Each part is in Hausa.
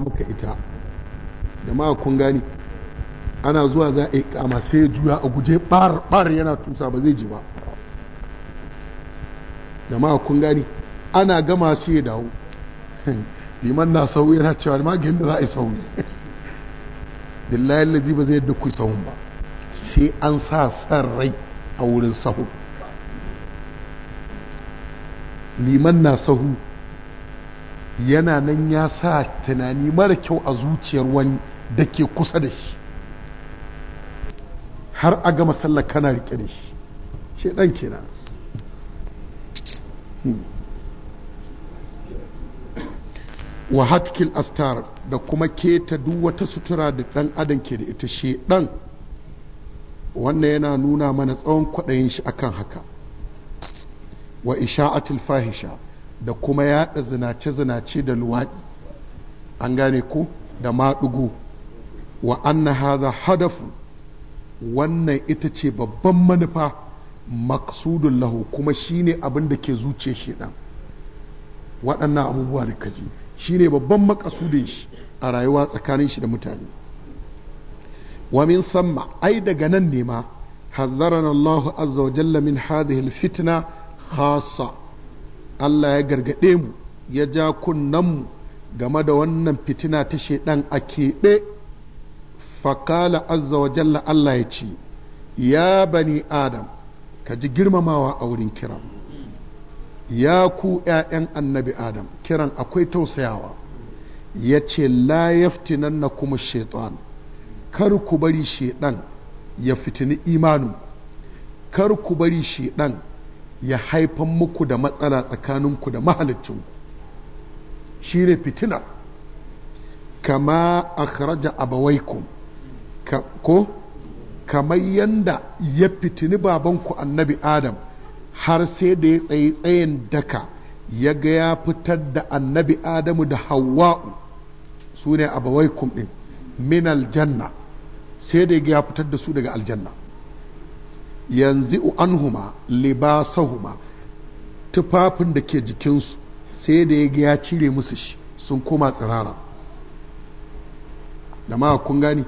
maka ita da ma kun gani ana zuwa za a yi kama sai juya a guje bar yana tusa ba zai ji ba da ma kun gani ana gama sai ya dawo liman na sau yana cewa gin da za a yi sau billahi lazi ba zai yadda ku sahun ba sai an sa san rai a wurin sahu liman na sahu yana nan ya sa tunani mara kyau a zuciyar wani da ke kusa da shi har a gama sallar kana rike da shi shaidan kenan hmm. wa hatkil astar da kuma keta duk wata sutura da dan adam ke da ita shi ɗan wannan yana nuna mana tsawon kwaɗayin shi akan haka wa isha'atul fahisha da kuma yada zinace-zinace da luwaɗi an gane ku? da maɗugu wa na haza hadafu wannan ita ce babban manufa maksudun lahu kuma shine abin da ke zuce shi ɗan waɗannan abubuwa da kaji shine babban makasudin shi a rayuwa tsakanin shi da mutane wa min samma ai daga nan ne ma hazzarana Allah azza wa jalla min hadhihi alfitna khassa Allah ya gargaɗe mu ya ja kunnan mu game da wannan fitina ta shaidan a keɓe fakala azza wa jalla Allah ya ce ya bani adam ka ji girmamawa a wurin kiran ya ku ‘ya'yan annabi adam kiran akwai tausayawa ya ce la na kuma shaitan kar ku bari shaidan ya fitini imanu kar ku bari shaidan ya haifan muku da matsala tsakaninku da mahalicinku shi ne fitina kama a akhraja abawaikum ko kamar yanda ya fitini babanku annabi adam har sai da ya tsaye tsayin daka ya ga ya fitar da annabi adamu da hawa'u su ne abawaikum ɗin min aljanna sai da ya fitar da su daga aljanna yanzu anhuma libasahuma tufafin da ke jikinsu sai da ya cire musu shi sun koma tsirara da ma kun gani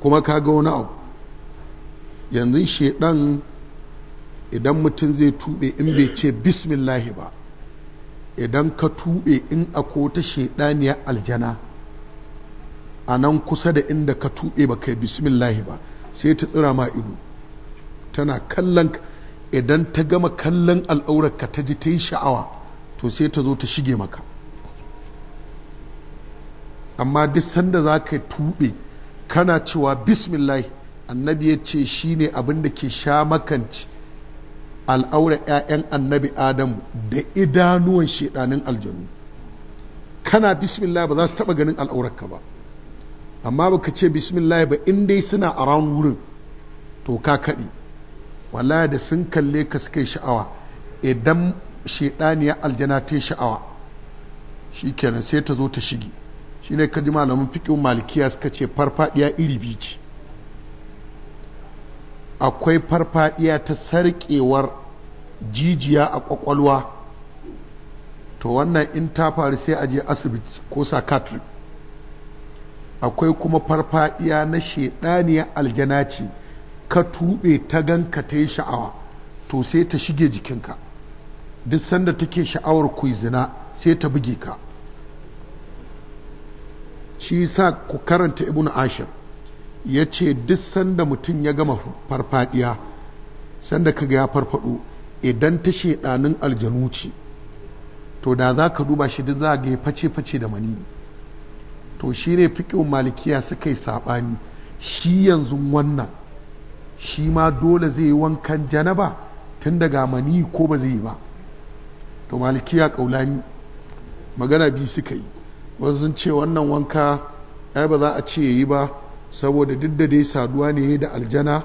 kuma ka ga wani abu yanzu shedan idan mutum zai tube in bai ce bismillahi ba idan ka tube in ako ta shedaniyar aljana a nan kusa da inda ka tube ba kai bismillahi ba sai ta tsira ma ido tana kallon idan ta gama kallon al'aurarka ta ji ta yi sha'awa to sai ta zo ta shige maka amma duk sanda za ka tuɓe kana cewa bismillah annabi ya ce shi ne abin ke sha makanci al'aura 'ya'yan annabi adam da idanuwan shedanin aljanu kana bismillah ba za su taɓa ganin al'aurarka ba amma baka ce bismillah ba in dai suna a ran wurin to ka kaɗi wallahi da sun kalle ka suka sha'awa idan shaidaniyar aljana ta sha'awa shi kenan sai ta zo ta shige shi ne kaji malamin fikin malikiya suka ce farfadiya iri biyu ce akwai farfadiya ta sarƙewar jijiya a ƙwaƙwalwa to wannan in ta faru sai a je asibiti ko psychiatric akwai kuma farfadiya na shedaniyar aljana ce ka tuɓe ta ganka ta yi sha'awa to sai ta shige jikinka duk sanda take sha'awar zina sai ta buge ka shi sa ku karanta ibn ashir ya ce duk sanda mutum ya gama farfadiya sanda kaga ya farfado idan ta shedanin aljanu ce to da za ka duba shi duk za ga face-face da mani to shi ne fiƙin malikiya suka yi saɓani shi yanzu wannan shi ma dole zai yi wankan janaba tun daga mani ko ba zai yi ba to malikiya ƙaulani magana biyu suka yi wasu ce wannan wanka ai ba za a ce yi ba saboda duk da dai saduwa ne da aljana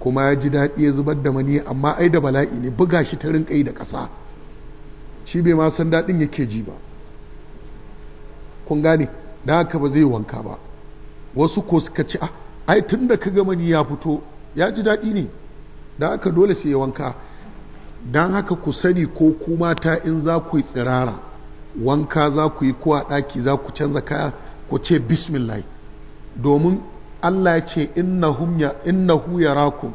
kuma ya ji daɗi ya zubar da mani amma ai da bala'i ne buga shi ta rinƙai da ƙasa shi bai ma san daɗin yake ji ba kun gane da haka ba zai wanka ba wasu ko suka ci ah, ai tun da ka mani ya fito ya ji daɗi ne da haka dole sai ya wanka don haka ku sani ko kuma ta in za ku yi tsirara wanka za ku yi ko a ɗaki za ku canza kaya ku ce bismillah domin Allah ya ce innahu yarakum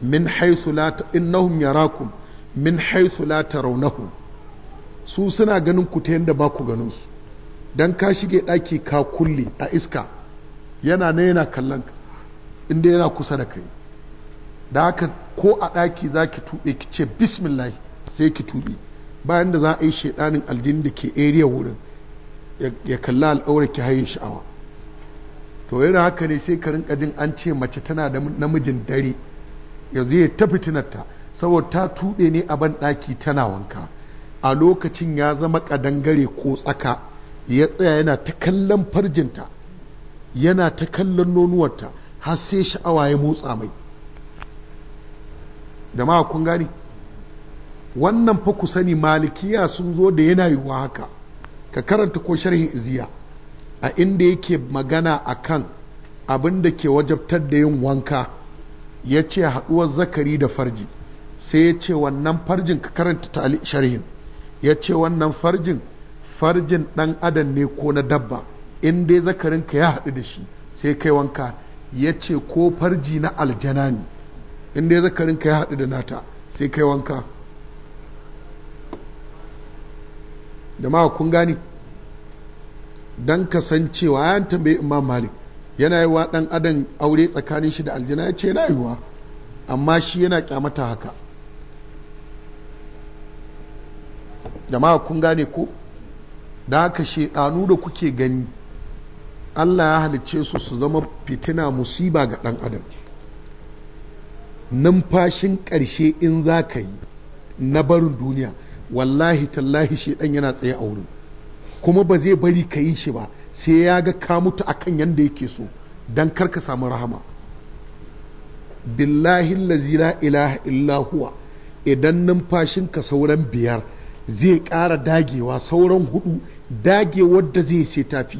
min haisu la innahum min haisu su suna ganin ku ta yadda ba ku ganin su dan ka shige daki ka kulle a iska yana na yana kallon inda yana kusa da kai da haka ko a daki za ki tuɓe ki ce bismillah sai ki tuɓe bayan da za a yi shaidanin aljin da ke area wurin ya kalla al'aura ki hayin sha'awa to yana haka ne sai ka rinka jin an ce mace tana da namijin dare yanzu ya ta fitinarta saboda ta tuɓe ne a ban daki tana wanka a lokacin ya zama ƙadangare ko tsaka ya tsaya yana ta kallon farjinta yana ta kallon nonuwarta har sai sha'awa ya motsa mai da ma kun gani wannan fa ku sani malikiya sun zo da yana wa haka ka karanta ko sharhin iziya a inda yake magana akan abin da ke wajabtar da yin wanka ya ce haɗuwar zakari da farji sai ya ce wannan farjin ka karanta ta sharhin ya ce wannan farjin farjin ɗan adam ne ko na dabba in dai zakarinka ya haɗu da shi sai kai wanka ya ce ko farji na aljana ne in dai zakarinka ya haɗu da nata sai kai wanka jama'a kun gani don kasancewa ya tambayi imam malik yana yi wa ɗan adam aure tsakanin shi da aljana ya ce yana yiwa amma shi yana kyamata haka jama'a kun gane ko da aka shedanu da kuke gani Allah ya halicce su su zama fitina musiba ga ɗan adam numfashin ƙarshe in za ka yi na barin duniya wallahi tallahi shedan yana tsaye a wurin kuma ba zai bari ka yi shi ba sai ya ga ka mutu akan yanda yake so don karka samu rahama billahi lazira, ilaha illa huwa idan numfashinka sauran biyar zai ƙara dagewa sauran hudu dage wadda zai sai tafi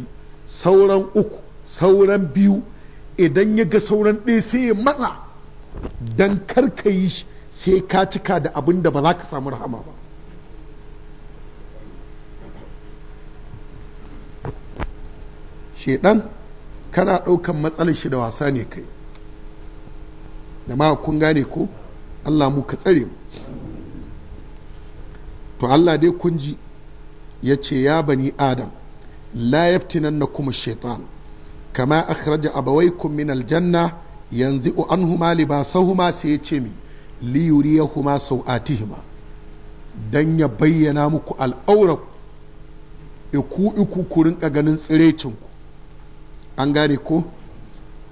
sauran uku sauran biyu idan ya ga sauran ɗaya sai ya matsa don karka yi sai ka cika da abin da ba za ka samu rahama ba shedan kana ɗaukan matsalar shi da wasa ne kai da ma kun gane ko Allah mu ka tsare mu to Allah dai kun ji ya ce ya bani adam la yaftinan na kuma shaitan kama akhraja kun min aljanna yanzu an huma libasahuma sai ya ce mi li yuriyahuma sau'atihima dan ya bayyana muku al'aurar iku iku ku rinka ganin tsirecinku an gane ko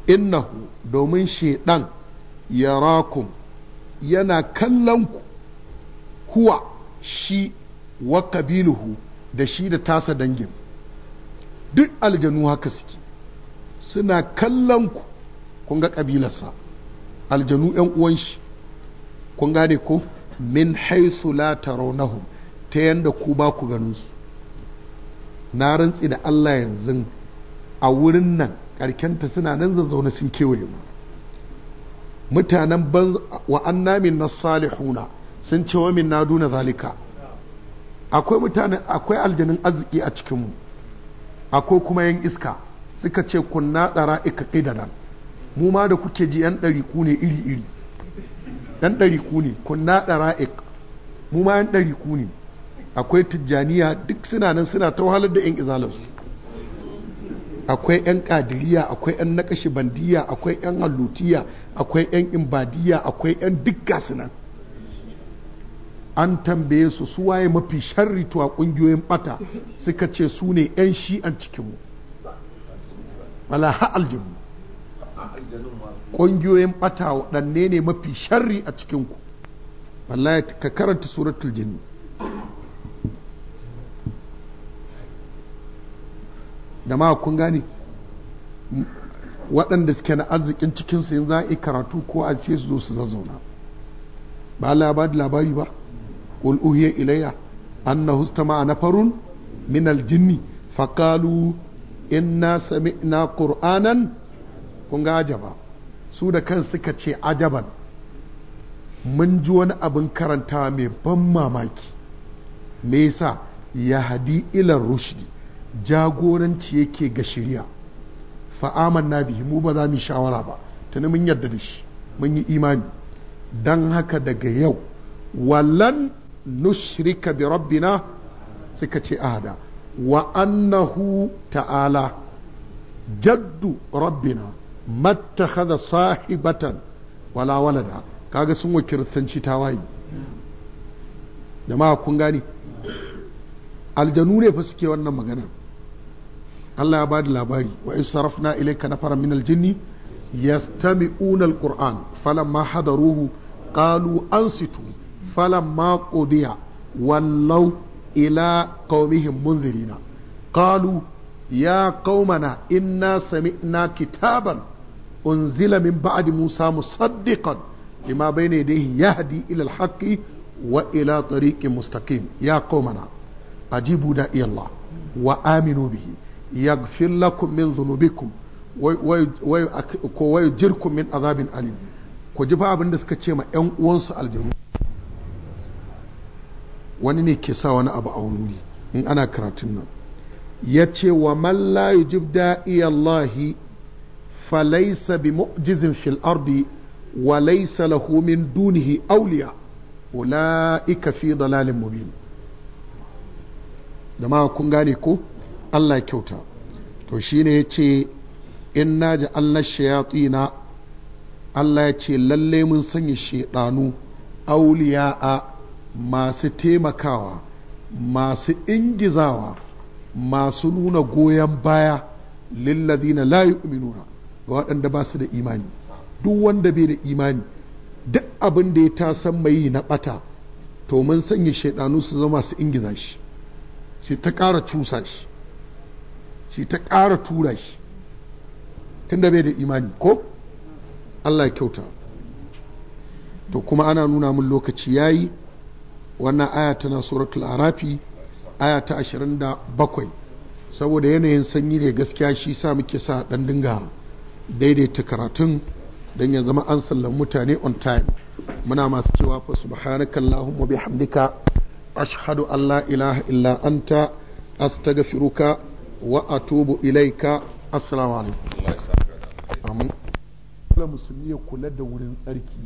innahu domin shaidan rakun yana kallon ku huwa shi wa kabiluhu da shi da tasa dangin duk aljanu haka suke suna kallon ku kun ga ƙabilarsa aljanu ‘yan uwan shi kun gane ko min haisu la taronahu ta yanda ku ba ku ganin su na rantsi da Allah yanzu a wurin nan karkenta suna nan zazzaune sun kewaye mu mutanen ban wa annamin na salihuna sun ce wa min na duna zalika akwai mutane akwai aljanin arziki a cikinmu akwai kuma yan iska suka ce kunna tsara ika ƙidanan mu ma da kuke ji yan ɗari ku ne iri-iri yan ɗari ku ne kunna tsara ika mu ma yan ɗari ku ne akwai tijjaniya duk suna nan suna ta wahalar da yan izalarsu akwai yan ƙadiriya akwai yan naƙashi bandiya akwai yan hallutiya akwai yan imbadiya akwai yan duk gasu an tambaye su su waye mafi sharri to a kungiyoyin bata suka ce su ne yan shi'an cikinmu wala ha aljinmu ƙungiyoyin ɓata waɗanne ne mafi sharri a cikinku wallahi ka karanta suratul jinni da ma kun gane waɗanda suke na arzikin cikinsu yanzu za a yi karatu ko a ce su zo su zazzauna ba labari ba qul uhiya ilayya annahu istama'a nafarun min al-jinni faqalu inna sami'na qur'anan kun ga ajaba su da kan suka ce ajaban mun ji wani abin karanta mai ban mamaki me yasa ya hadi ilar rushdi jagoranci yake ga shirya fa'aman na mu ba za mu shawara ba tuni mun yarda da shi mun yi imani don haka daga yau wallan nushrika bi rabbina suka ce ahada wa annahu ta'ala jaddu rabbina mattakhadha sahibatan wala walada kaga sun wa kiristanci tawayi jama'a kun gani aljanu ne fa suke wannan maganar Allah ya bada labari wa in sarafna ilayka nafara min aljinni yastami'una alquran falamma hadaruhu qalu ansitu فلما قضي ولوا إلى قومهم منذرين قالوا يا قومنا إنا سمعنا كتابا أنزل من بعد موسى مصدقا لما بين يديه يهدي إلى الحق وإلى طريق مستقيم يا قومنا أجيبوا داعي الله وآمنوا به يغفر لكم من ذنوبكم ويجركم من عذاب أليم ku ji fa abin da suka ce ma 'yan uwansu aljanu wani ne ke sa wani abu a wani wuri in ana karatun nan ya ce wa man la yujib fa falaisa bi mu'jizin fil ardi wa laysa lahu min dunihi awliya ulaika fi dalalin mubin jama'a kun gane ko Allah ya kyauta to shine ya ce ji allah shayatina Allah ya ce lalle mun sanya shaidanu auliya'a masu taimakawa masu ingizawa masu nuna goyon baya na layu uminuna ga waɗanda ba su da imani duk wanda bai da imani duk abin da ya tasan mai na ɓata to mun sanya shaidanu su zama su ingiza shi shi ta ƙara cusa shi shi ta ƙara tura shi tunda bai da imani ko Allah ya kyauta to kuma ana nuna mun lokaci yayi wannan aya tana suratul arafi aya ta bakwai saboda yanayin sanyi ne gaskiya shi sa muke sa dan dinga daidaita karatun don ya zama an sallan mutane on time muna masu cewa fa subhanaka allahumma bihamdika ashhadu an la ilaha illa anta astaghfiruka wa atubu ilaika assalamu alaikum amin musulmi ya kula da wurin tsarki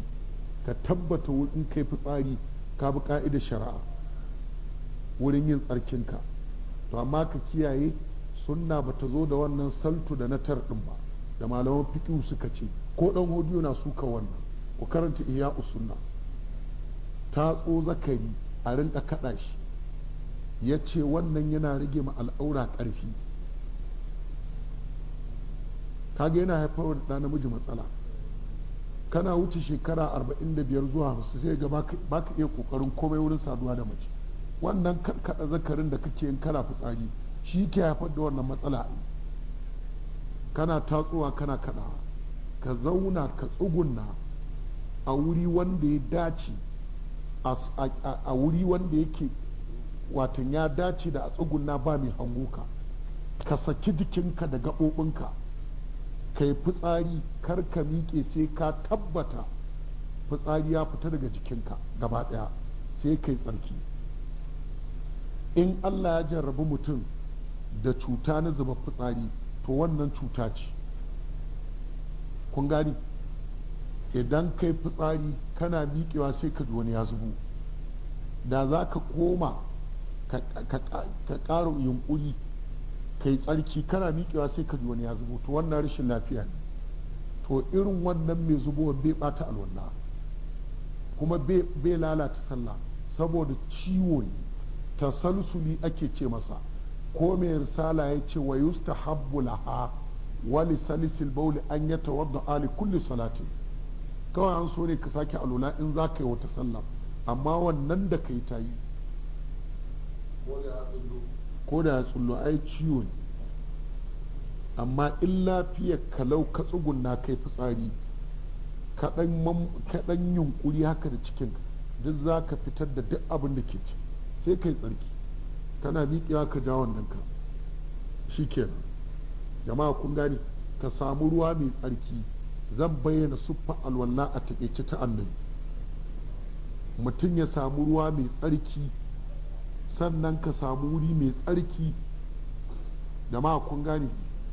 ka tabbata wurin kai fitsari ka bi ka'idar shari'a wurin yin tsarkinka to amma ka kiyaye sunna ba ta zo da wannan saltu da na tar ɗin ba da malaman fiƙiyu suka ce ko ɗan hodiyo na suka wannan ku karanta iya usunna Ta tso zakari a rinka kaɗa shi ya ce wannan yana rage ma al'aura ƙarfi kaga yana haifar da namiji matsala kana wuce shekara arba'in da biyar zuwa 50 sai ga ba ka iya kokarin komai wurin saduwa da mace wannan karkada zakarin da kake yin kana fitsari shi ke haifar da wannan matsala kana tatsuwa kana kada ka zauna ka tsugunna a wuri wanda ya dace a wuri wanda yake watan ya dace da a tsugunna ba mai hango ka ka saki jikinka da gaɓoɓinka kai fitsari kar ka miƙe sai ka tabbata fitsari ya fita daga jikinka gaba ɗaya sai kai tsarki in Allah ya jarrabi mutum da cuta na zuba fitsari to wannan cuta ce kun gani idan kai fitsari kana miƙewa sai ka wani ya zubo da za ka koma ka ƙara yunƙuri ka yi tsarki kana miƙewa sai ka ji wani ya zubo to wannan rashin lafiya ne to irin wannan mai zubowa bai bata alwala kuma bai lalata sallah saboda ciwo ne tasalsuli ake ce masa ko mai risala ya ce wa Habu laha wali salisil bauli an ya tawadda ali kulli salati kawai an so ne ka sake alwala in za ka yi wata sallah amma wannan da ka yi ta yi ko da tsullo ai ciwo ne amma in lafiyar kalau ka tsugunna kai fitsari kaɗan yunkuri haka da cikin duk za ka fitar da duk abin da ke ci sai kai tsarki kana miƙewa ka ja wannan ka shi kenan jama'a kun gane ka samu ruwa mai tsarki zan bayyana suffa alwallah a taƙaice ta annabi mutum ya samu ruwa mai tsarki sannan ka samu wuri mai tsarki da ma kun gane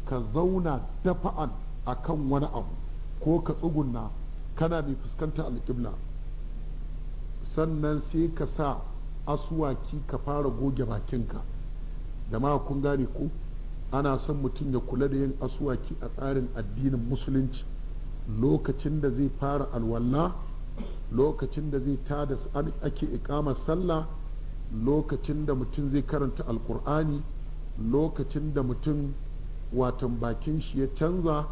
ka zauna dafa'an a kan wani abu ko ka tsugunna kana mai fuskanta alƙibla sannan sai ka sa asuwaki ka fara goge bakinka da ma kun gane ko ana son mutum ya kula da yin asuwaki a tsarin addinin musulunci lokacin da zai fara alwala lokacin da zai tada ake ikamar sallah lokacin da mutum zai karanta alkur'ani lokacin da mutum watan bakin shi ya canza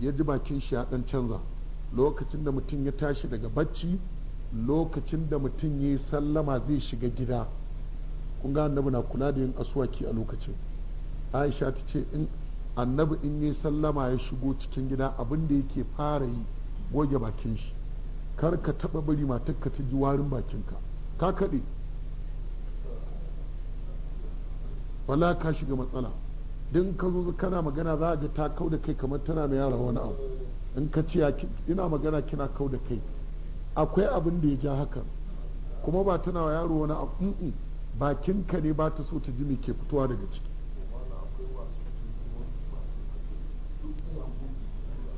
ya ji bakin shi ya dan canza lokacin da mutum ya tashi daga bacci lokacin da mutum ya yi sallama zai shiga gida kun ga annabi na kula da yin asuwaki a lokacin aisha ta ce in annabi in yi sallama ya shigo cikin gida abin da yake fara yi goge bakin shi kar ka taba bari matar ka ta ji warin bakinka ka kaɗe wala ka shiga matsala din ka zo kana magana za ji ta kau da kai kamar tana mai yara wani abu in ka ce ina magana kina kau da kai akwai abin da ya ja haka kuma ba tana wa yaro wani abu bakin ka ne ba ta so ta ji me ke fitowa daga ciki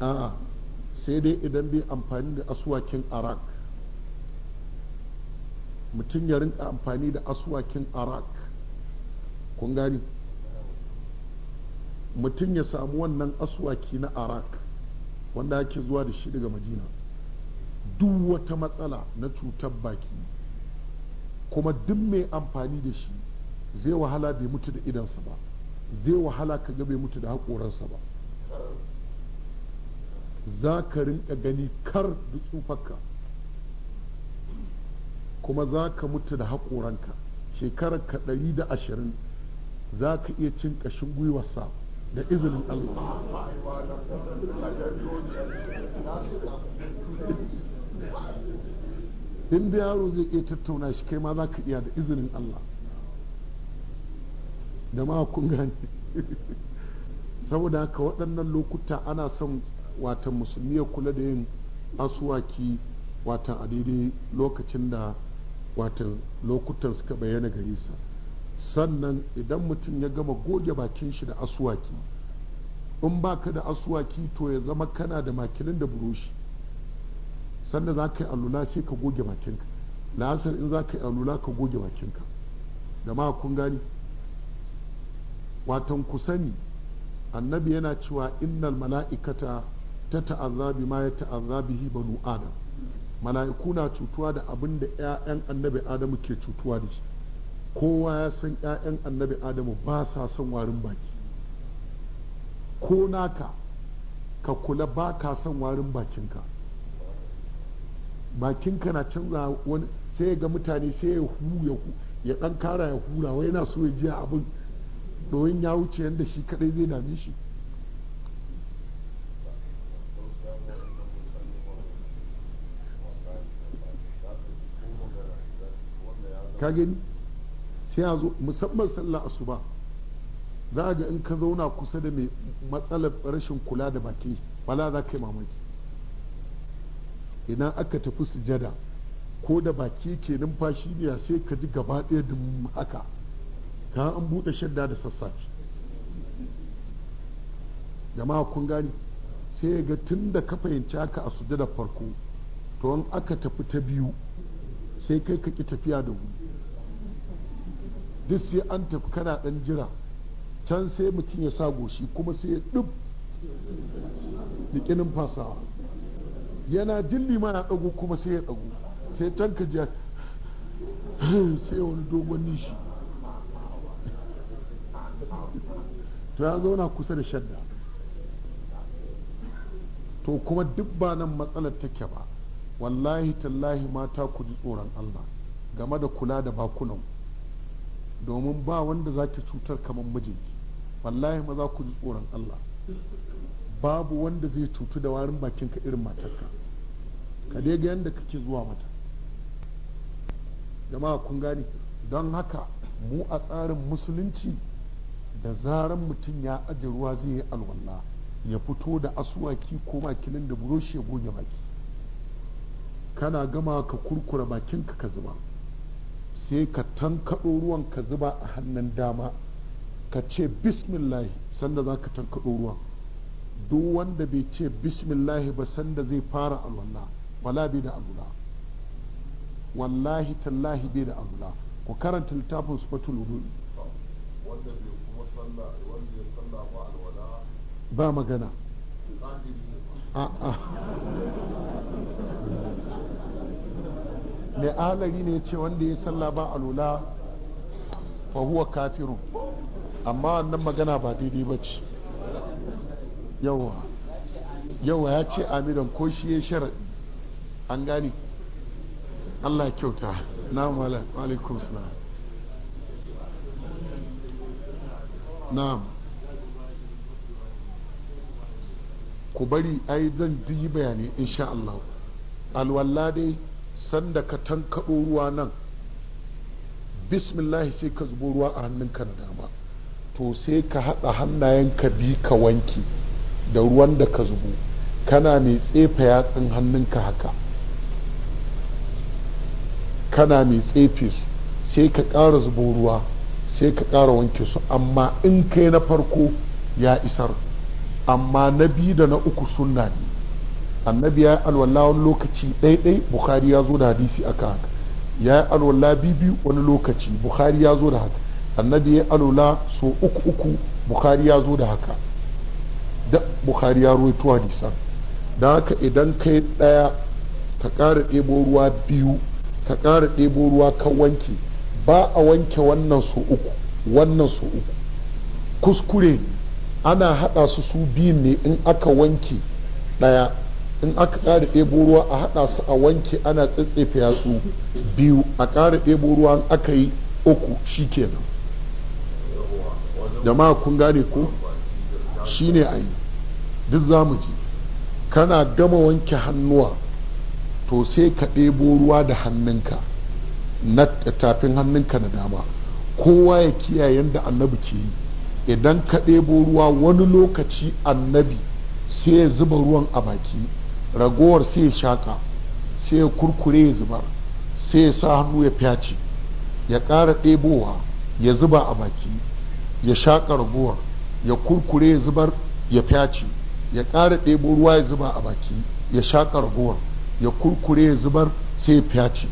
a'a sai dai idan bai amfani da asuwakin arak mutum ya rinka amfani da asuwakin arak kun gani mutum ya samu wannan aswaki na arak wanda ake zuwa da shi daga madina duk wata matsala na cutar baki kuma duk mai amfani da shi zai wahala bai mutu da idansa ba zai wahala ka ga bai mutu da haƙoransa ba za ka rinka gani kar da tsufarka kuma za ka mutu da haƙoranka shekarar ka ɗari da ashirin za ka iya cin ƙashin gwiwarsa da izinin Allah inda yaro zai iya tattauna shi kai ma za ka iya da izinin Allah da ma kun gane saboda haka waɗannan lokuta ana son watan musulmi ya kula da yin asuwaki watan a daidai lokacin da watan lokutan suka bayyana gare sa sannan idan mutum ya gama goge bakin shi da asuwaki in baka da asuwaki to ya zama kana da makilin da buroshi sannan za ka yi alula sai ka goge bakinka la'asar in za ka yi alula ka goge bakinka da ma kun gani watan ku sani annabi yana cewa innal mala'ikata ta ta'azzabi ma ya ta'azzabihi banu adam mala'iku na cutuwa da abin da 'ya'yan annabi adamu ke cutuwa da shi kowa ya san 'ya'yan annabi adamu ba sa son warin baki ko naka ka kula ba ka son warin bakinka bakinka na canza wani sai ya ga mutane sai ya hu ya dan kara ya hura wai yana so ya ji abin doyin ya wuce yadda shi kadai zai dame shi ka gani sai a zo musamman sallar asuba za ga in ka zauna kusa da mai matsalar rashin kula da baki wala za ka yi mamaki idan aka tafi sujada ko da baki ke numfashi ne sai ka ji gaba ɗaya dum haka ka an buɗe shadda da sassafe jama'a kun gani sai ga tun da ka fahimci haka a sujada farko to an aka tafi ta biyu sai kai ka ki tafiya da wuri duk sai an tafi kana ɗan jira can sai mutum ya sa goshi kuma sai ya ɗub likinin fasawa yana dilli na ɗagu kuma sai ya ɗagu sai can ka jiya sai wani dogon nishi to ya zauna kusa da shadda to kuma duk ba nan matsalar take ba wallahi tallahi mata ku ji tsoron allah game da kula da bakunan domin ba wanda za ki cutar kamar mijinki wallahi maza ku ji tsoron Allah babu wanda zai cutu da warin bakinka irin matarka ka dai ga yadda kake zuwa mata jama'a kun gane don haka mu a tsarin musulunci da zaran mutum ya aje ruwa zai yi alwala ya fito da asuwaki ko makilin da buroshi ya goge baki kana gama ka kurkura bakinka ka zuba sai ka tankaɗo ruwan ka zuba a hannun dama ka ce bismillahi sanda za ka tankaɗo ruwan duk wanda bai ce bismillahi ba sanda zai fara alwallah wala bai da abula wallahi tallahi bai da abula ku karanta littafin su wudu wanda bai kuma salla wanda ya salla ba alwala ba magana a'a mai alari ne ce wanda ya sallah ba a fa huwa kafiru amma wannan magana ba daidai ba ce yawa yawa ya ce amiran ko shi ya sharaɗi an gani allah kyauta na malikus na na'am ku bari ai zan yi bayanai insha Allah alwala dai sanda ka tankaɗo ruwa nan bismillahi sai ka zubo ruwa a hannunka na dama to sai ka haɗa hannayen ka bi ka wanki, da ruwan da ka zubo kana mai tsefa yatsun hannunka haka kana mai tsefe su sai ka ƙara zubo ruwa sai ka ƙara wanke su amma in kai na farko ya isar amma na biyu da na uku sunna ne annabi ya yi alwala wani lokaci ɗaiɗai bukhari ya zo da hadisi aka haka ya yi alwala bibi wani lokaci bukhari ya zo da haka annabi ya yi alwala so uku uku bukhari ya zo da haka da bukhari ya roito hadisan da haka idan kai ɗaya ka ƙara ɗebo ruwa biyu ka ƙara ɗebo ruwa kan wanke ba a wanke wannan so uku wannan so uku kuskure ana haɗa su su biyu ne in aka wanke ɗaya in aka ƙara ɗebo ruwa a haɗa su a wanke ana tsetsefe yatsu biyu a ƙara ɗebo ruwa in aka yi uku shi kenan jama'a kun gane ko shi ne a yi duk za mu ji kana gama wanke hannuwa to sai ka ɗebo ruwa da hannunka na tafin hannunka na dama kowa ya kiyaye yadda annabi ke yi idan ka ɗebo ruwa wani lokaci annabi sai ya zuba ruwan a baki ragowar sai ya shaƙa sai ya kurkure ya zubar sai ya sa hannu ya fyaci ya ƙara ɗebowa ya zuba a baki ya shaƙa ragowar ya kurkure ya zubar ya fyaci ya ƙara ɗebo ruwa ya zuba a baki ya shaƙa ragowar ya kurkure ya zubar sai ya fyaci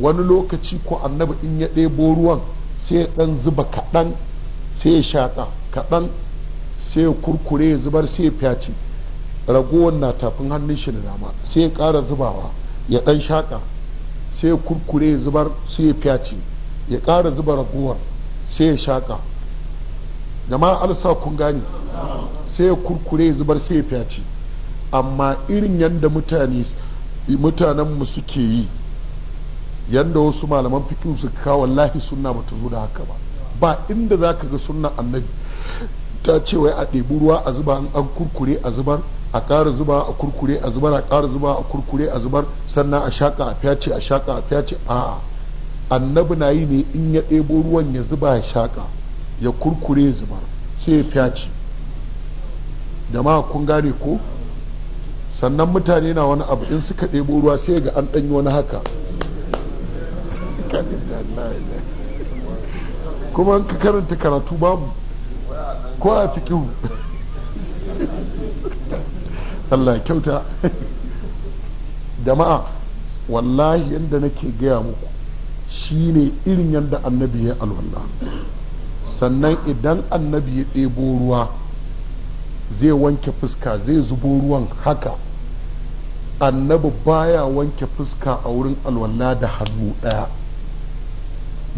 wani lokaci ko annabi in ya ɗebo ruwan sai ya ɗan zuba kaɗan sai ya shaƙa kaɗan sai ya kurkure ya zubar sai ya fyaci ragowar na tafin hannun shi da dama sai ya ƙara zubawa ya ɗan shaƙa sai ya kurkure ya zubar sai ya fyace ya ƙara zuba ragowar sai ya shaƙa da ma alsa kun gani sai ya kurkure ya zubar sai ya fyace amma irin yadda mutane mutanenmu suke yi yadda wasu malaman fikin su kawo lahi sunna ba ta zo da haka ba ba inda za ka ga sunna annabi ta ce wai a ɗebi ruwa a zuba an kurkure a zubar a ƙara zuba a kurkure a zubar a ƙara zuba a kurkure a zubar sannan a shaƙa a fyace a shaƙa a fyace a'a annabi na yi ne in ya ɗebo ruwan ya zuba ya shaƙa ya kurkure ya zubar sai ya fyace jama'a kun gane ko sannan mutane na wani abu in suka ɗebo ruwa sai ga an ɗanyi wani haka kuma ka karanta karatu babu ko a fikihu Allah kyauta jama'a wallahi yadda nake gaya muku shine irin yadda annabi ya alwala sannan idan annabi ya ɗebo ruwa zai wanke fuska zai zubo ruwan haka annabi baya wanke fuska a wurin alwala da hannu ɗaya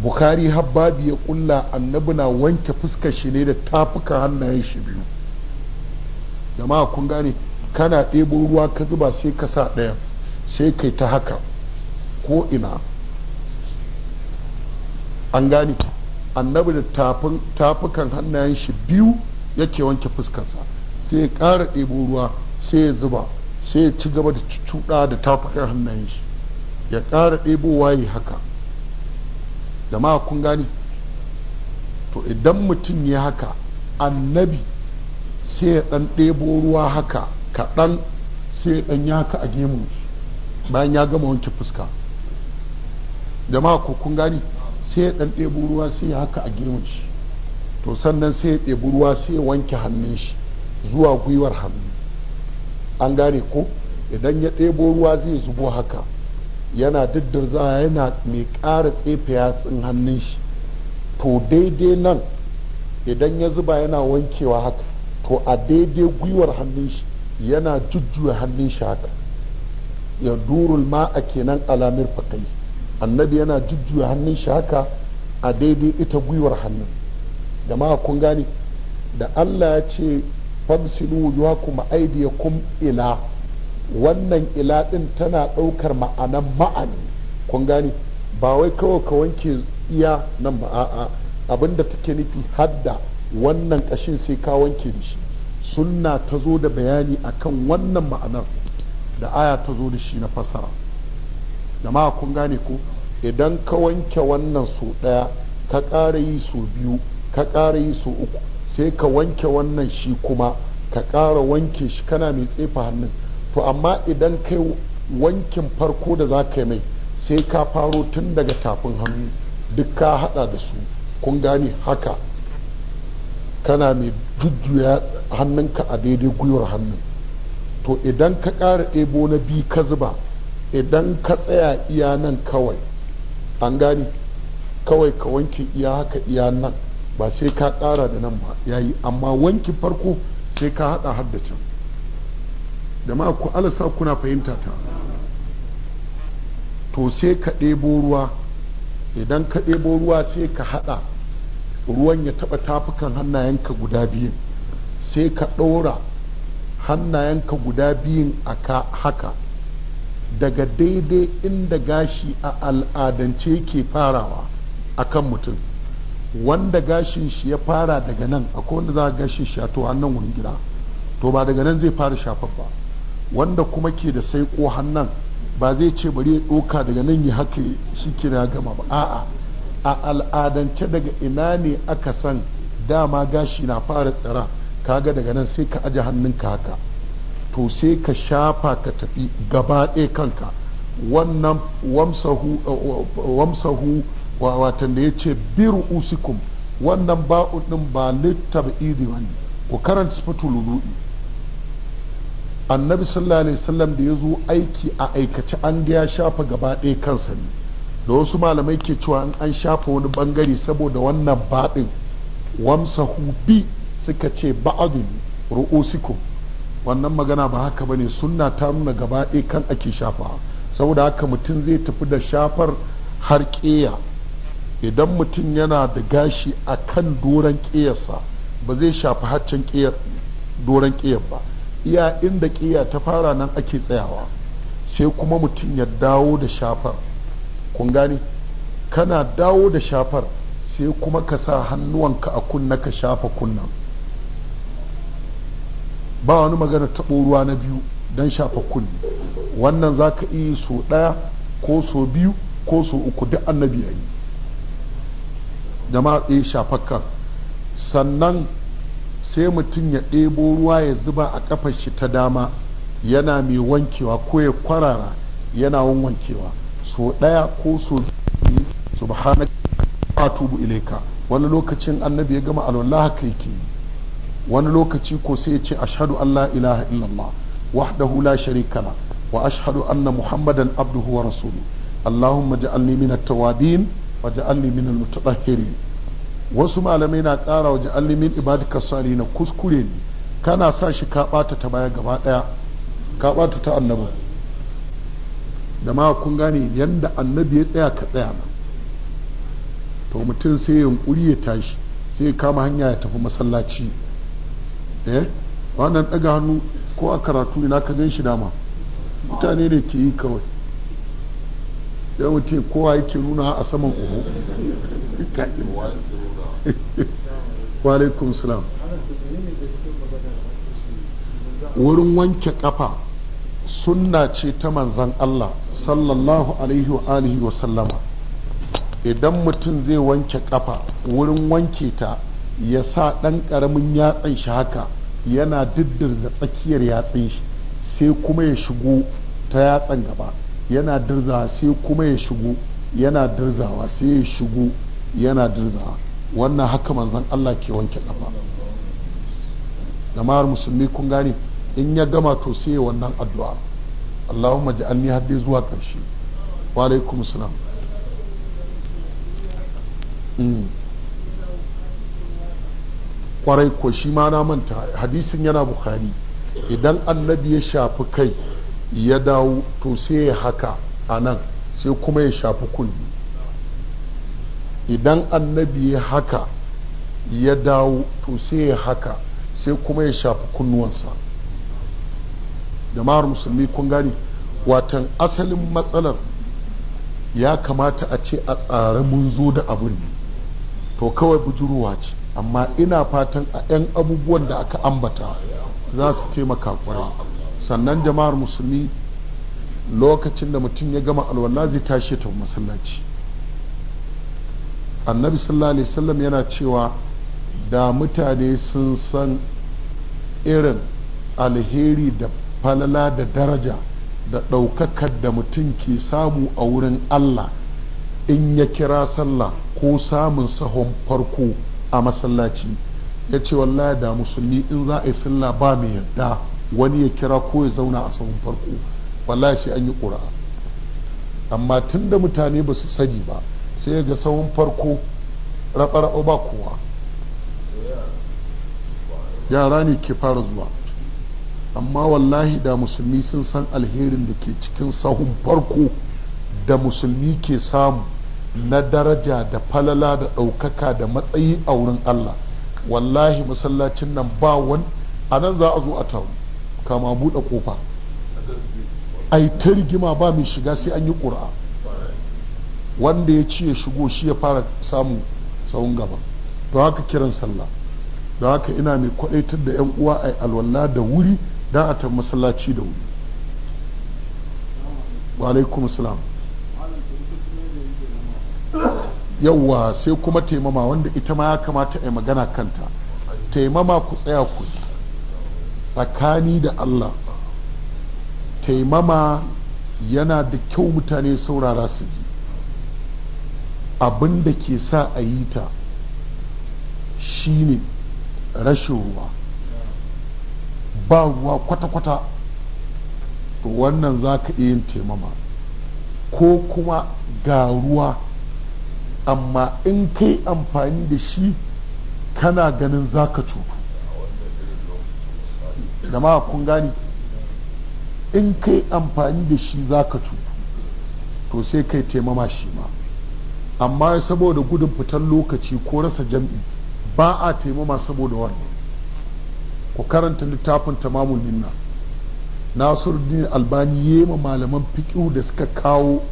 bukari habbabi ya kulla annabi na wanke fuskar shi ne da tafuka hannayen shi biyu jama'a kun gane kana ɗebo ruwa ka zuba sai ka sa ɗaya sai kai ta haka ko ina an gane annabi da tafukan hannayen shi biyu yake wanke fuskarsa sai ya ƙara ɗebo ruwa sai ya zuba sai ya ci gaba da cuɗa da tafukan hannayen shi ya ƙara ɗebo waye haka da ma kun gani to idan mutum ya haka annabi sai ya dan ɗebo ruwa haka kaɗan sai ya ɗan haka a gemu bayan ya gama wanke fuska da ma kun gani sai ya dan ɗebo ruwa sai ya haka a gemu shi to sannan sai ya ɗebi ruwa sai ya wanke hannun shi zuwa gwiwar hannu an gane ko idan ya ɗebo ruwa zai zubo haka yana diddirza yana mai ƙara tsefe yatsun hannun shi to daidai nan idan ya zuba yana wankewa haka to a daidai gwiwar hannun shi yana jujjuya hannun shi haka ya durul a kenan alamir fakai annabi yana jujjuya hannun shi haka a daidai ita gwiwar hannun da ma kun gane da Allah ya ce famsilu ya aydiyakum ila wannan ila din tana ɗaukar ma'anan ma'ani kun gani ba wai kawai ka wanke iya nan ba a'a abinda take nufi hadda wannan ƙashin sai ka wanke da shi sunna ta zo da bayani akan wannan ma'anar da aya ta zo da shi na fassara da kun gane ko idan ka wanke wannan so ɗaya ka ƙara yi so biyu ka ƙara yi so uku sai ka wanke wannan shi kuma ka ƙara wanke shi kana mai tsefa hannun to amma idan kai wankin farko da za ka yi mai sai ka faro tun daga tafin hannu duk ka hada da su kun gane haka kana mai jujjuya hannunka a daidai gwiwar hannu. to idan ka ƙara ɗebo na biyu ka zuba idan ka tsaya iya nan kawai an gane kawai ka wanke iya haka iya nan ba sai ka ƙara da nan ba yayi amma wanki farko sai ka haɗa can. jama'a ku alasa kuna fahimta ta to sai ka ɗebo ruwa idan ka ɗebo ruwa sai ka haɗa ruwan ya taɓa tafukan hannayenka guda biyun sai ka ɗora hannayenka guda biyun a haka daga daidai inda gashi a al'adance ke farawa akan mutum wanda gashin shi ya fara daga nan akwai wanda za a gashin shi a to nan wani gida to ba daga nan zai fara shafar ba wanda kuma ke da sai ko hannan ba zai ce bari ya ɗoka daga nan ya haka shi kira gama ba a'a a al'adance daga ina ne aka san dama gashi na fara tsira kaga daga nan sai ka aje hannunka haka to sai ka shafa ka tafi gaba ɗaya kanka wannan wamsahu watan da ya ce biru usikum wannan ba'u ɗin ba idi wani ku karanta fatul annabi sallallahu alaihi wasallam da ya zo aiki a aikace an ga ya shafa gaba ɗaya kansa ne da wasu malamai ke cewa an shafa wani bangare saboda wannan baɗin wamsahubi bi suka ce ba'adun ru'usiku wannan magana ba haka bane sunna ta nuna gaba ɗaya kan ake shafa saboda haka mutum zai tafi da shafar har ƙeya idan mutum yana da gashi a kan doron ƙeyarsa ba zai shafi haccen doron ƙeyar ba iya inda ƙiya ta fara nan ake tsayawa sai kuma mutum ya dawo da shafar kun gane kana dawo da shafar sai kuma ka sa hannuwanka a kunna ka shafa kunnan ba wani magana taɓo ruwa na biyu don shafa kunni wannan za ka iya so ɗaya ko so biyu ko so uku duk annabi ya yi jama'a ɗaya eh, shafakka sannan sai mutum ya ɗebo ruwa ya zuba a ƙafar shi ta dama yana mai wankewa ko ya kwarara yana wankewa so ɗaya ko so biyu subhanaka tubu ilaika wani lokacin annabi ya gama alwallah haka yake wani lokaci ko sai ya ce a shahadu Allah ilaha illallah wahdahu la sharika la wa ashadu anna muhammadan abduhu wa rasuluhu allahumma ja'alni min at-tawabin wa ja'alni min al-mutatahhirin wasu malamai na ƙara wa ja'allimin kasari na kuskure ne kana sa shi ka ɓata ta baya gaba ɗaya ka ɓata ta annabi da ma kun gane yadda annabi ya tsaya ka tsaya ba. to mutum sai yunƙuri ya tashi sai ya kama hanya ya tafi masallaci eh wannan ɗaga hannu ko a karatu ina ka gan shi dama mutane ne ke yi kawai sai mu kowa yake nuna a saman uhu walaikum salam wurin wanke kafa sunna ce ta manzan Allah sallallahu alaihi wa alihi wa sallama idan mutum zai wanke kafa wurin wanke ta ya sa ɗan ƙaramin yatsan shi haka yana diddirza tsakiyar yatsan shi sai kuma ya shigo ta yatsan gaba yana dirza sai kuma ya shigo yana dirzawa sai ya shigo yana dirzawa wannan haka manzon Allah ke wanke kafa jama'ar musulmi kun gane in ya gama to sai ya wannan addu'a Allahumma ja'alni haddi zuwa karshe wa alaikum salam hmm. kwarai ko shi ma na manta hadisin yana bukhari idan annabi ya shafi kai ya dawo to sai ya haka a nan sai kuma ya shafi kunni idan annabi ya haka ya dawo to sai ya haka sai kuma ya shafi kunnuwansa jama'ar musulmi kun gani watan asalin matsalar ya kamata a ce a tsare mun zo da abin ne to kawai bujuruwa ce amma ina fatan a 'yan abubuwan da aka ambata za su taimaka kwarai sannan jama'ar musulmi lokacin da mutum ya gama alwala zai tashi ta masallaci annabi sallallahu alaihi wasallam yana cewa da mutane sun san irin alheri da falala da daraja da ɗaukakar da mutum ke samu a wurin Allah in ya kira sallah ko samun sahon farko a masallaci ya ce wallahi da musulmi in za a yi sallah ba mai yadda wani ya kira ko ya zauna a sahun farko wallahi sai an yi ƙura amma tun da mutane ba su sani ba sai ga sahun farko raɓa-raɓa ba kowa yara ne ke fara zuwa amma wallahi da musulmi sun san alherin da ke cikin sahun farko da musulmi ke samu na daraja da falala da ɗaukaka da matsayi a wurin Allah wallahi masallacin nan ba wani a nan za a zo a taru kama buɗe ƙofa ai ta rigima ba mai shiga sai an yi ƙura wanda ya ci ya shigo shi ya fara samu tsawon gaba don haka kiran sallah don haka ina mai kwaɗaitar da 'yan uwa a alwala da wuri don a tafi masallaci da wuri alaikum salam yawwa sai kuma taimama wanda ita ma ya kamata a yi magana kanta taimama ku tsaya ku tsakani da Allah taimama yana da kyau mutane saurara su ji abin da ke sa a yi ta ne rashin ruwa ba ruwa kwata-kwata to wannan za ka iya yin taimama ko kuma ga ruwa amma in kai amfani da shi kana ganin za ka cutu jama'a kun gani in kai amfani da shi za ka cutu to sai kai taimama shi ma amma saboda gudun fitar lokaci ko rasa jam'i ba a taimama saboda wannan ku karanta littafin tamamul minna nasiruddin albani yema malaman fiƙi da suka kawo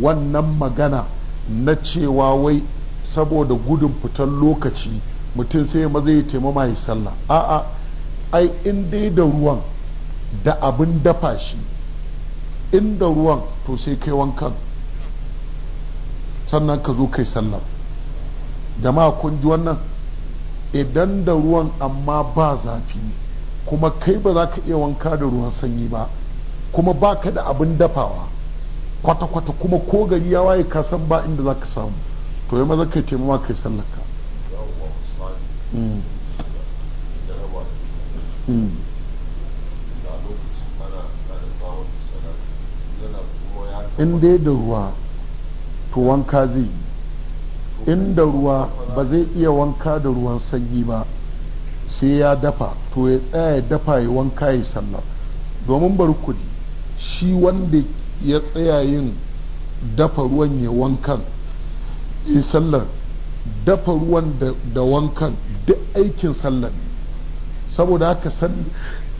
wannan magana na cewa wai saboda gudun fitar lokaci mutum sai maza ya taimama ya sallah a'a ai in dai da ruwan da abin dafa shi in da ruwan to sai kai wankan sannan ka zo kai sallar jama'a kun ji wannan idan da ruwan amma ba zafi kuma kai ba za ka iya wanka da ruwan sanyi ba kuma ba ka da abin dafawa kwata-kwata kuma ko gari ya waye ka san ba inda za ka samu to yi maza kai taimama kai sallaka mm. in dai da ruwa to wanka zai yi in da ruwa ba zai iya wanka da ruwan sanyi ba sai ya dafa to ya tsaya ya dafa ya wanka ya sallah domin barkudi shi wanda ya tsaya yin dafa ruwan ya wankan ya sallar dafa ruwan da wankan duk aikin sallar ne saboda haka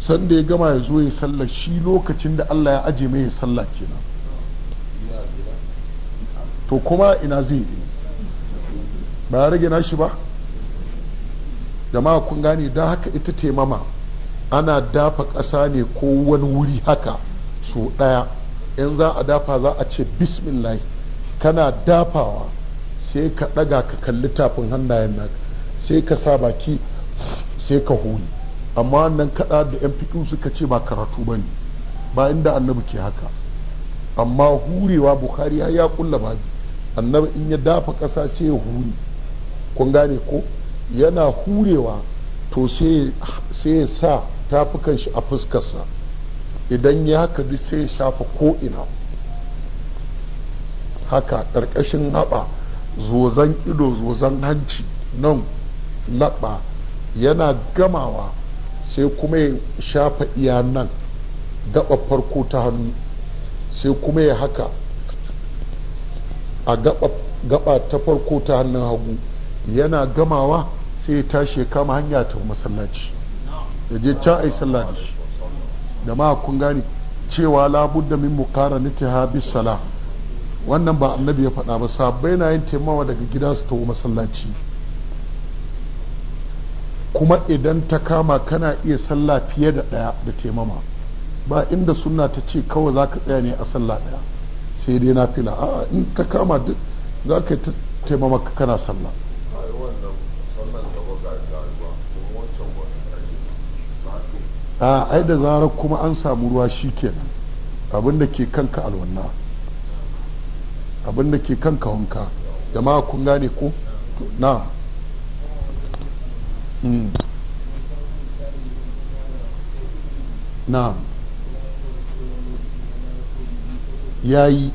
sanda ya gama ya zo ya sallar shi lokacin da Allah ya aje mai ya sallah kenan to kuma ina zai yi ba ya rage nashi ba jama'a kun gane don haka ita mama ana dafa ƙasa ne ko wani wuri haka so ɗaya in za a dafa za a ce bismillah kana dafawa sai ka ɗaga ka kalli tafin hannayen naka sai ka sa baki sai ka huli amma wannan kaɗa da yan fikin suka ce ba karatu bane ba inda annabi ke haka amma hurewa bukhari ya ya kulla ba annabi in ya dafa ƙasa sai ya hure kun gane ko yana hurewa to sai ya sa tafukan shi a fuskarsa idan ya haka duk sai ya shafa ko ina haka ƙarƙashin haɓa zozan ido zozan hanci nan laɓa yana gamawa sai kuma ya shafa iya nan gaba farko ta hannu sai kuma ya haka a gaba ta farko ta hannun hagu yana gamawa sai ya tashi ya kama hanya ta masallaci da je can a yi sallah da shi da ma kun gane cewa labudda min mukara nitiha bis sala wannan ba annabi ya faɗa ba sabbai na yin taimawa daga gida su tawo masallaci kuma idan ta kama kana iya sallah fiye da ɗaya da taimama ba inda sunna ta ce kawai za ka tsaya ne a sallah ɗaya sai dai na fila a in ta kama duk za ka taimama kana sallah a ai da zarar kuma an samu ruwa shi kenan abinda ke kanka alwanna abinda ke kanka wanka jama'a kun gane ko na Hmm. na'am yi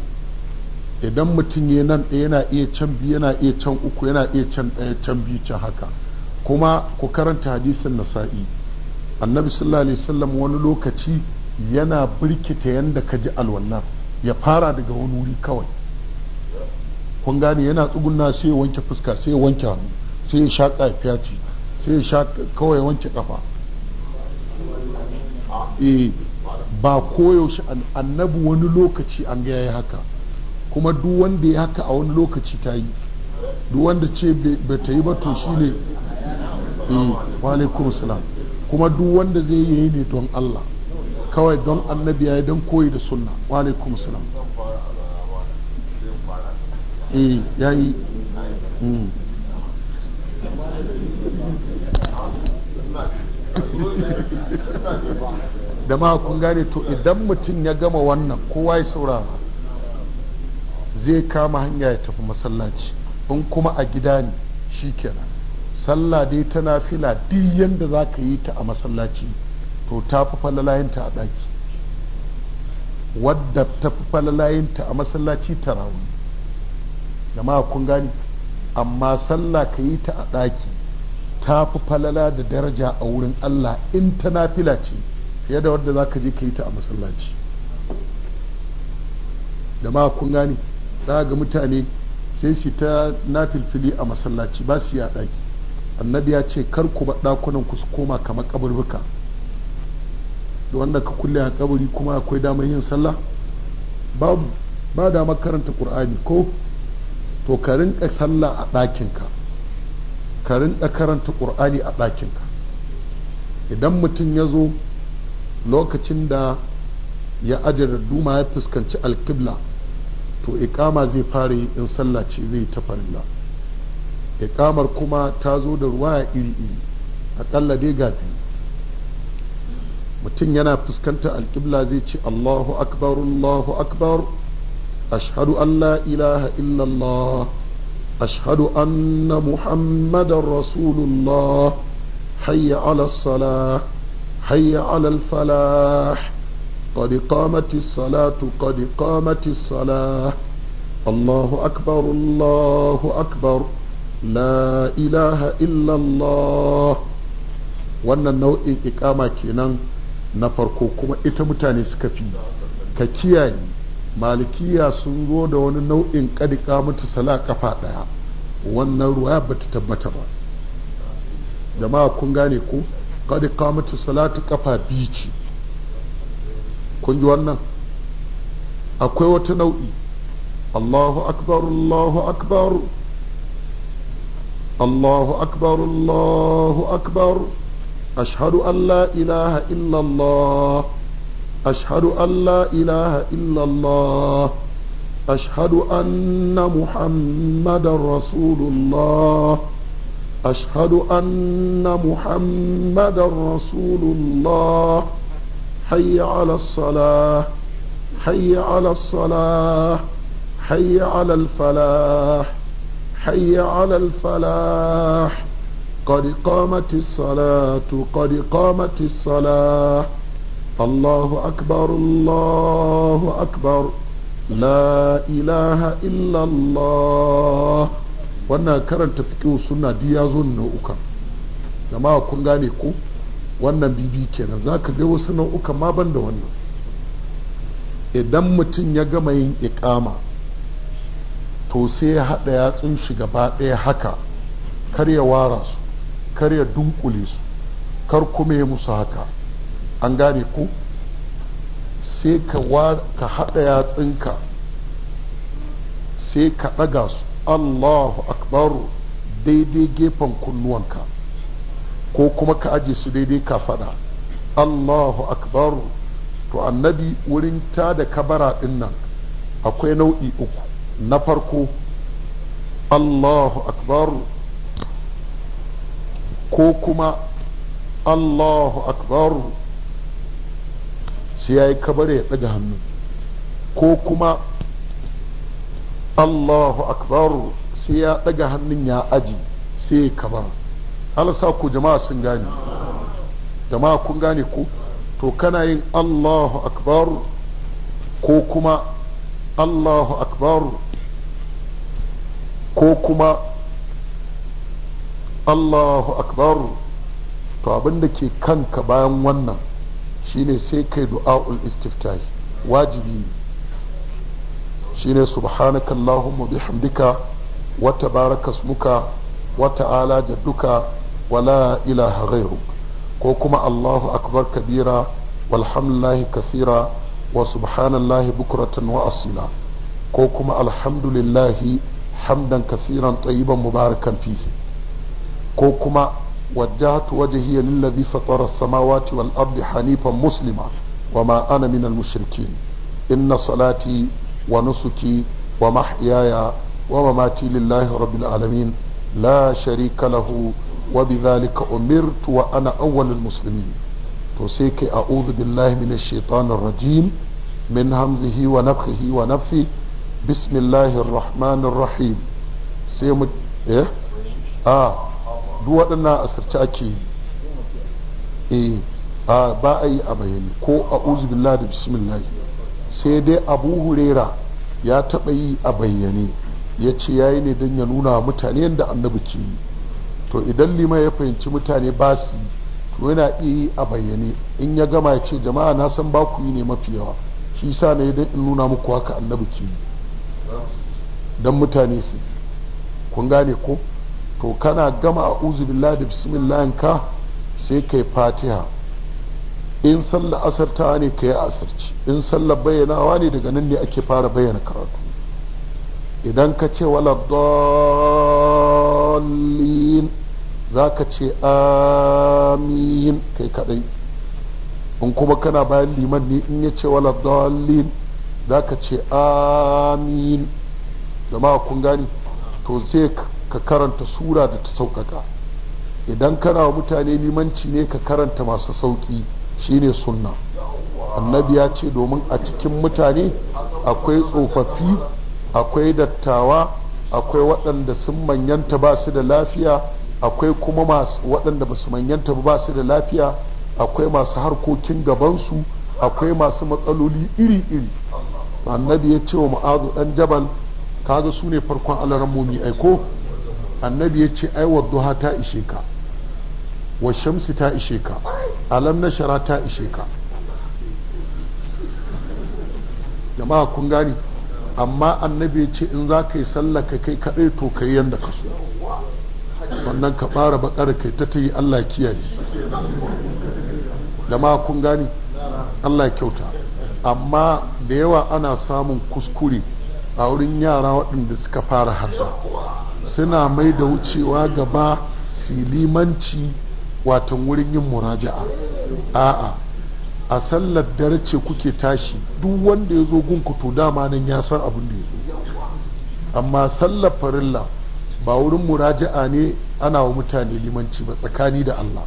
idan mutum ya nan ɗaya yana iya can biyu yana iya can uku yana iya can ɗaya can biyu can haka kuma ku karanta hadisin nasa'i annabi sallallahu alaihi wasallam wani lokaci yana birkita yadda ka ji alwallah ya fara daga wani wuri kawai kun gane yana tsugunna sai ya wanke fuska sai ya wanke hannu sai ya shaƙa ya fiyaci sai sha kawai wanke kafa eh, ba koyaushe annabi wani lokaci an ga yayi haka kuma duk wanda ya haka a wani lokaci ta yi duk wanda ce ba ta yi ba to shi ne eh, walaikum salam kuma duk wanda zai yi ne don Allah kawai don annabi ya yi don koyi da sunna walaikum salam eh yi. da ma kun gane to idan mutum ya gama wannan kowa ya saurara zai kama hanya ya tafi masallaci in kuma a gida ne shi kenan sallah dai tana fila duk yadda za ka yi ta a masallaci to ta fi falalayinta a ɗaki wadda ta fi falalayinta a masallaci ta rawu da ma kun gani amma sallah ka yi ta a ɗaki ta fi falala da daraja a wurin Allah in ta nafila ce fiye da wadda za ka je ka yi ta a masallaci da ma kun gani? za ga mutane sai su ta nafilfili a masallaci ba su yi a ɗaki annabi ya ce kar ku ba ɗakunan ku su koma kamar kaburbuka da wanda ka kulle a kaburi kuma akwai damar yin sallah babu ba da makaranta ƙur'ani ko to ka rinka sallah a ɗakinka ka rinka karanta ƙur'ani a ɗakinka idan mutum ya zo lokacin da ya ajiyar duma ya fuskanci alkibla to ikama zai fara yi in sallah ce zai ta farilla ikamar kuma ta zo da ruwa ya iri-iri aƙalla dai ga biyu mutum yana fuskantar alkibla zai ce allahu akbar allahu akbar أشهد أن لا إله إلا الله أشهد أن محمد رسول الله حي على الصلاة حي على الفلاح قد قامت الصلاة قد قامت الصلاة الله أكبر الله أكبر لا إله إلا الله wannan nau'in ikama kenan na farko kuma ita mutane suka fi ka kiyaye malikiya sun zo da wani nau'in ƙadika mutu sala kafa ɗaya wannan ruwa ba ta tabbata ba jama'a kun gane ko ƙadika mutu ta kafa biyu ce kun ji wannan akwai wata nau'i allahu akbar allahu akbar allahu akbar allahu akbar ashhadu an la ilaha illallah أشهد أن لا إله إلا الله أشهد أن محمد رسول الله أشهد أن محمد رسول الله حي على الصلاة حي على الصلاة حي على الفلاح حي على الفلاح قد قامت الصلاة قد قامت الصلاة الله أكبر الله أكبر لا إله إلا الله wannan karanta fikihu suna duk ya zo nau'uka jama'a kun gane ko wannan bibi kenan za ka ga wasu nau'uka ma ban da wannan idan mutum ya gama yin iƙama to sai ya haɗa yatsun shi gaba ɗaya haka kar ya wara su kar ya dunƙule su kar kuma musu haka an gane ku sai ka haɗa yatsinka sai ka ɗaga su allahu akbaru daidai gefen kunnuwanka ko kuma ka aje su daidai ka faɗa allahu akbaru to annabi wurin ta da kabara ɗin nan akwai nau'i uku na farko allahu akbar ko kuma allahu akbaru sai ya yi kabar ya ɗaga hannu ko kuma allahu akbar sai ya ɗaga hannun ya aji sai ya kabara halasa ku jama'a sun gane jama'a kun gane ku to kana yin allahu akbar ko kuma allahu akbar ko kuma allahu akbar to abinda ke kanka bayan wannan shine sai kai du'a'ul istiftai wajibi ne shine subhanaka allahumma bihamdika wa tabaraka smuka wa ta'ala jadduka wa la ilaha ko kuma allahu akbar kabira walhamdulillahi kasira wa subhanallahi bukratan wa asila ko kuma alhamdulillahi hamdan kasiran tsayiban mubarakan fihi ko kuma وجهت وجهي للذي فطر السماوات والأرض حنيفا مسلما وما أنا من المشركين إن صلاتي ونسكي ومحياي ومماتي لله رب العالمين لا شريك له وبذلك أمرت وأنا أول المسلمين توسيك أعوذ بالله من الشيطان الرجيم من همزه ونفخه ونفثه بسم الله الرحمن الرحيم سيم إيه آه duk waɗannan asirce ake yi eh, ba'a ba a yi a bayani ko a uzubillah da bismillah sai dai abu hurera ya taɓa yi a bayyane ya ce ya yi ne don ya nuna mutane yadda annabi ke yi to idan lima ya fahimci mutane ba su to yana iya yi a bayyane in ya gama ya ce jama'a na san ba ku yi ne mafi yawa shi sa ne don in nuna muku haka annabi ke yi don mutane su kun gane ko to kana gama a billahi da bismillahin ka sai kai fatiha in sallar ta ne ka yi asarci in sallar bayyanawa ne daga nan ne ake fara bayyana karatu idan ka ce wala dalilin za ka ce amin kai kadai in kuma kana bayan liman ne in ya ce wala dalilin za ka ce amin jama'a kun gani to sai ka karanta sura da ta sauƙaƙa idan kana wa mutane limanci ne ka karanta masu sauƙi shine sunna annabi ya ce domin a cikin mutane akwai tsofaffi akwai dattawa akwai waɗanda sun manyanta ba su da lafiya akwai kuma waɗanda ba su manyanta ba su da lafiya akwai masu harkokin gabansu akwai masu matsaloli iri-iri annabi ya ce wa ma'azu ɗan jabal kaga su ne farkon alaran mumi aiko annabi ya ce ai wadduha ta ishe ka wa shamsi ta ishe ka alam shara ta ishe ka jama'a kun gani amma annabi ya ce in za ka yi sallaka kai kaɗai to ka yi yadda ka so wannan ka fara bakar kai ta ta yi Allah kiyaye jama'a kun gani Allah kyauta amma da yawa ana samun kuskure a wurin yara waɗanda suka fara harda suna mai da wucewa gaba silimanci watan wurin yin muraja'a a'a a sallar dare ce kuke tashi duk wanda ya zo gunku to dama nan ya san abin da ya zo amma sallar farilla ba wurin muraja'a ne ana wa mutane limanci ba tsakani da Allah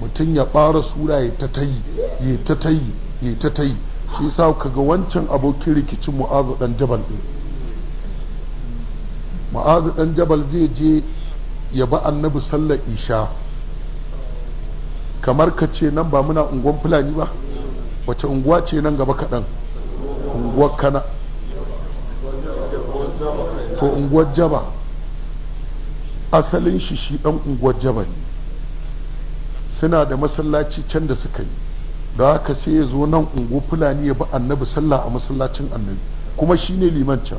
mutum ya ɓara sura ya ta tayi ya ta tayi ya ta tayi shi sa kaga wancan abokin rikicin mu'azu dan jabal din ma'azu ɗan jabal zai je ya ba annabi sallar isha kamar ka ce nan ba muna unguwan fulani ba wace unguwa ce nan gaba kaɗan unguwar kana to unguwar jaba asalin shi shi ɗan unguwar jaba ne suna da masallaci can da suka yi da haka sai ya zo nan unguwar fulani ya bi annabi sallah a masallacin annabi kuma shi ne liman can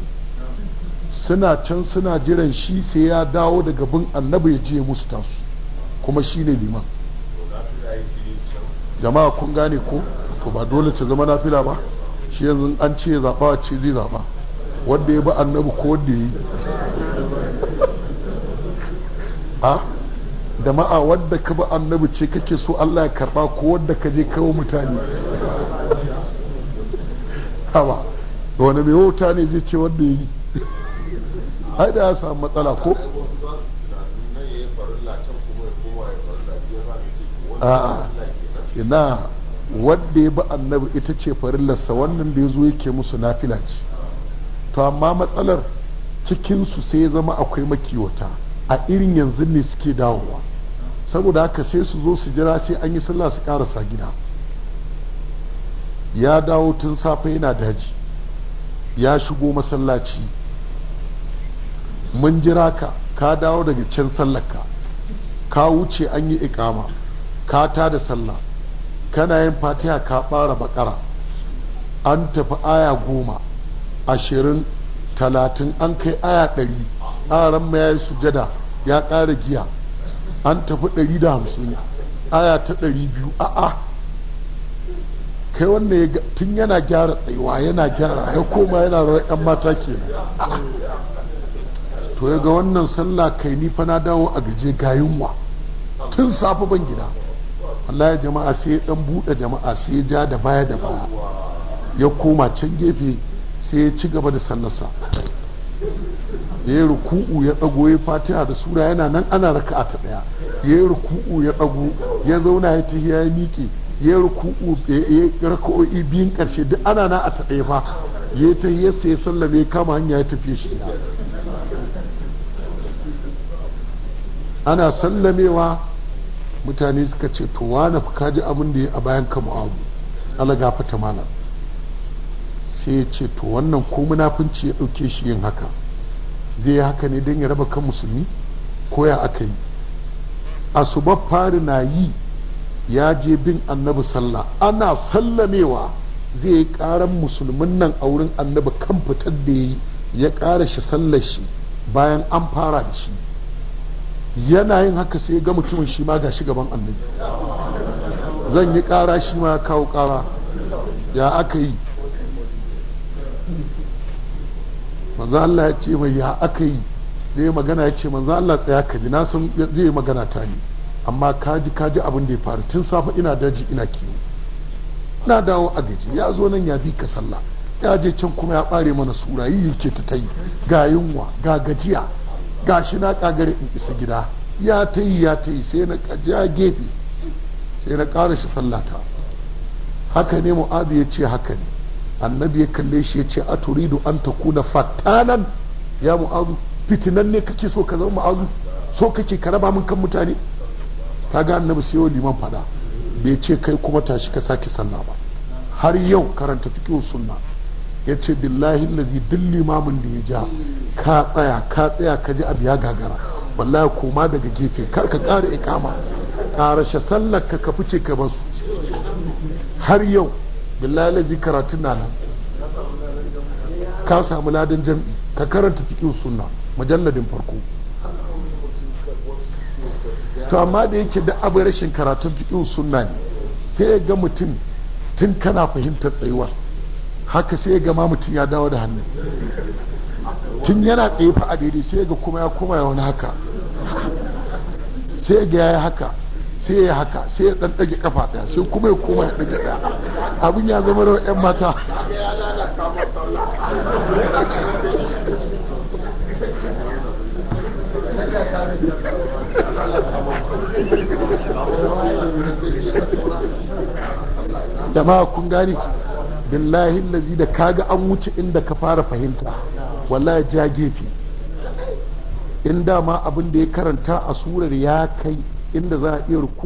suna can suna jiran shi sai ya dawo daga bin annabi ya je musu tasu kuma shi ne liman jama'a kun gane ko to ba dole ta zama na fila ba shi yanzu an ce zaɓa ce zai zaɓa wanda ya bi annabi ko wanda ya yi a ah, jama'a wadda ka bi annabi ce kake so Allah ya karba ko wadda ka je kawo mutane hawa wani mai wuta ne zai ce wanda ya yi ai da ya samu matsala ko a'a ina wadda ya bi annabi ita ce farillarsa wannan da ya zo yake musu nafila ce to amma matsalar cikinsu sai ya zama akwai makiwata a irin yanzu ne suke dawowa saboda haka sai su zo su jira sai an yi sallah su karasa gida ya dawo tun safe yana daji ya shigo masallaci mun jira ka ka dawo daga can sallarka ka wuce an yi ikama ka ta da sallah kana yin fatiha ka fara bakara an tafi aya goma ashirin talatin an kai aya ɗari aran ma ya yi sujada ya ƙara giya an tafi ɗari da hamsin aya ta ɗari biyu a'a kai wannan tun yana gyara tsayuwa yana gyara ya koma yana rawar 'yan mata kenan to ya ga wannan sallah kai ni fa na dawo a gaje ga tun safe ban gida Allah ya jama'a sai ya dan buɗe jama'a sai ya ja da baya da baya ya koma can gefe sai ya ci gaba da sallarsa ya yi ruku'u ya dago ya fatiha da sura yana nan ana raka'a ta daya ya yi ruku'u ya dago ya zauna ya tafi ya miƙe ya yi ruku'u ya raka'o'i biyun ƙarshe duk ana na a ta fa ya ta ya sallame kama hanya ya tafi shi ana sallamewa mutane suka ce to ka kaji abin da ya a bayan ka mu'amu ala gafata malam sai ya ce to wannan ko munafunci ya ɗauke shi yin haka zai yi haka ne don ya raba kan musulmi ko ya aka yi asuba fari na yi ya je bin annabi sallah ana sallamewa zai yi karan musulmin nan a wurin annabi kan fitar da ya yi ya ƙara shi sallar shi bayan an fara da shi yana yin haka sai ga mutumin shi ma gashi gaban annabi zan yi kara shi ma kawo kara ya aka yi manzo Allah ya ce mai ya aka yi da magana ya ce manzo Allah tsaya ka ji na san zai magana ta ne amma kaji kaji abin da ya faru tun safa ina daji ina kiwo na dawo a gaji ya zo nan ya bi ka sallah ya je can kuma ya bare mana sura yi yake ta yi ga yunwa ga gajiya gashi na kagare in isa gida ya ta yi ya ta yi sai na ja gefe sai na ƙara shi sallata haka ne mu'adu ya ce haka ne annabi ya kalle shi ya ce a turidu an ta kuna fatanan ya mu'adu fitinan ne kake so ka zama mu'adu so kake ka raba min kan mutane ta ga annabi sai yau liman fada bai ce kai kuma tashi ka sake sallah ba har yau karanta fiqh sunna ya ce billahi lazi duk limamin da ya ja ka tsaya ka tsaya ka ji abu ya gagara wallahi koma daga gefe kar ka ƙara ikama ƙarashe sallar ka ka fice ka basu har yau billahi lazi karatun na nan ka samu ladan jam'i ka karanta fiƙin sunna majalladin farko to amma da yake da abu rashin karatun fiƙin sunna ne sai ya ga mutum tun kana fahimtar tsayuwar haka sai ga ma mutum ya dawo da hannun tun yana tsaye a daidai sai ga kuma ya kuma ya wani haka sai ga ya haka sai ya haka sai ya dan dage kafa daya sai kuma ya kuma ya dage daya abin ya zama rawa yan mata jama'a kun gani billahi lazi da kaga an wuce inda ka fara fahimta wallahi ja gefe in dama abin da ya karanta a surar ya kai inda za a iya ruku